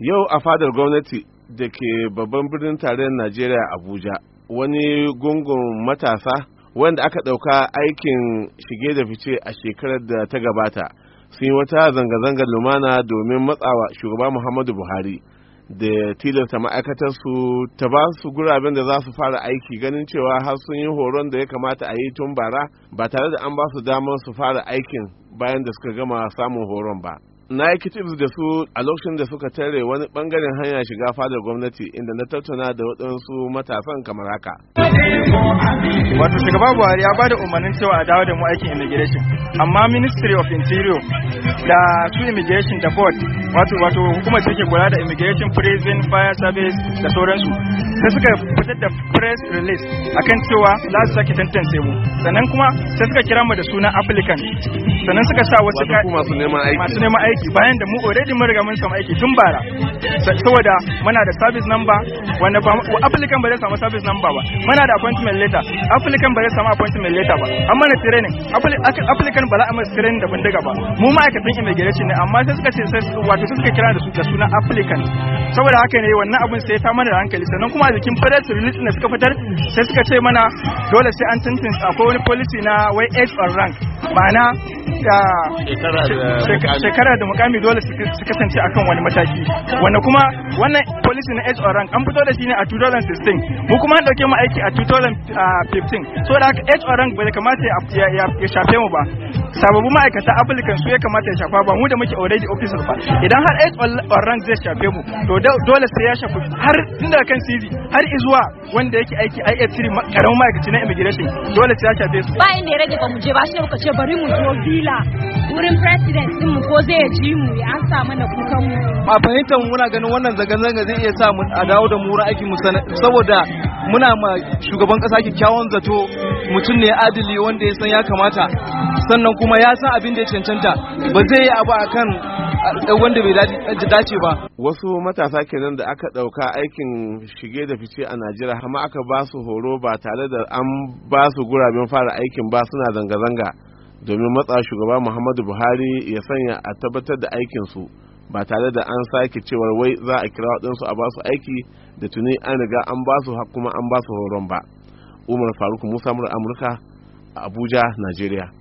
yau a fadar gwamnati da ke babban birnin tarayyar najeriya abuja wani gungun matasa wanda aka ɗauka aikin shige da fice a shekarar da ta gabata sun yi wata zanga-zangar lumana domin matsawa shugaba muhammadu buhari da tilasta ma'aikatarsu ta ba su guraben da za su fara aiki ganin cewa har sun yi horon da ya kamata a yi tun bara ba tare da an ba su damar su fara aikin bayan da suka gama samun horon ba na yi kitibs da su a lokacin da suka tare wani bangaren hanya shiga fadar gwamnati inda na tattauna da waɗansu matasan kamar haka. Wato shugaba Buhari ya bada umarnin cewa a dawo da mu aikin immigration amma Ministry of Interior da su immigration da board wato wato hukumar take kula da immigration prison fire service da sauransu sai suka fitar da press release akan cewa za su sake tantance mu sannan kuma sai suka kira mu da sunan applicant sannan suka sa wasu masu neman aiki aiki bayan da mu already mun riga mun samu aiki tun bara saboda muna da service number wanda ba applicant ba zai samu service number ba muna da appointment letter applicant ba zai samu appointment letter ba amma na training applicant ba za a mai training da bindiga ba mu ma'aikatan immigration ne amma sai suka ce wato sai suka kira da su da suna applicant saboda haka ne wannan abin sai ta mana da hankali sannan kuma a jikin press release ne suka fitar sai suka ce mana dole sai an tantance akwai wani policy na wai age or rank ma'ana shekara da mukami dole su kasance akan wani mataki wanda kuma wannan policy na age or rank an fito da shi ne a 2016 mu kuma an dauke mu aiki a 2015 so da haka age or rank bai kamata ya shafe mu ba sababu ma'aikata applicant su ya kamata ya shafa ba mu da muke already officer ba idan har age or rank zai shafe mu to dole sai ya shafi har tun daga kan CV har izuwa wanda yake aiki IF3 karamin ma'aikaci na immigration dole sai ya shafe su ba inda ya rage ba mu je ba shi ne muka ce bari mu zo villa wurin president din mu ko zai ji mu ya mana kukan mu a fahimtar muna ganin wannan zanga-zanga zai iya sa mu a dawo da mu aikin mu saboda muna ma shugaban kasa kyakkyawan zato mutum ne adili wanda ya san ya kamata sannan kuma ya san abin da ya cancanta ba zai yi abu akan wanda bai dace ba wasu matasa kenan da aka dauka aikin shige da fice a najeriya amma aka ba su horo ba tare da an ba su guraben fara aikin ba suna zanga-zanga domin matsa shugaba muhammadu buhari ya sanya a tabbatar da aikinsu ba tare da an sake cewar wai za a kira waɗansu a basu aiki da tuni an riga an basu kuma an basu horon ba umar faruk musa amurka a abuja najeriya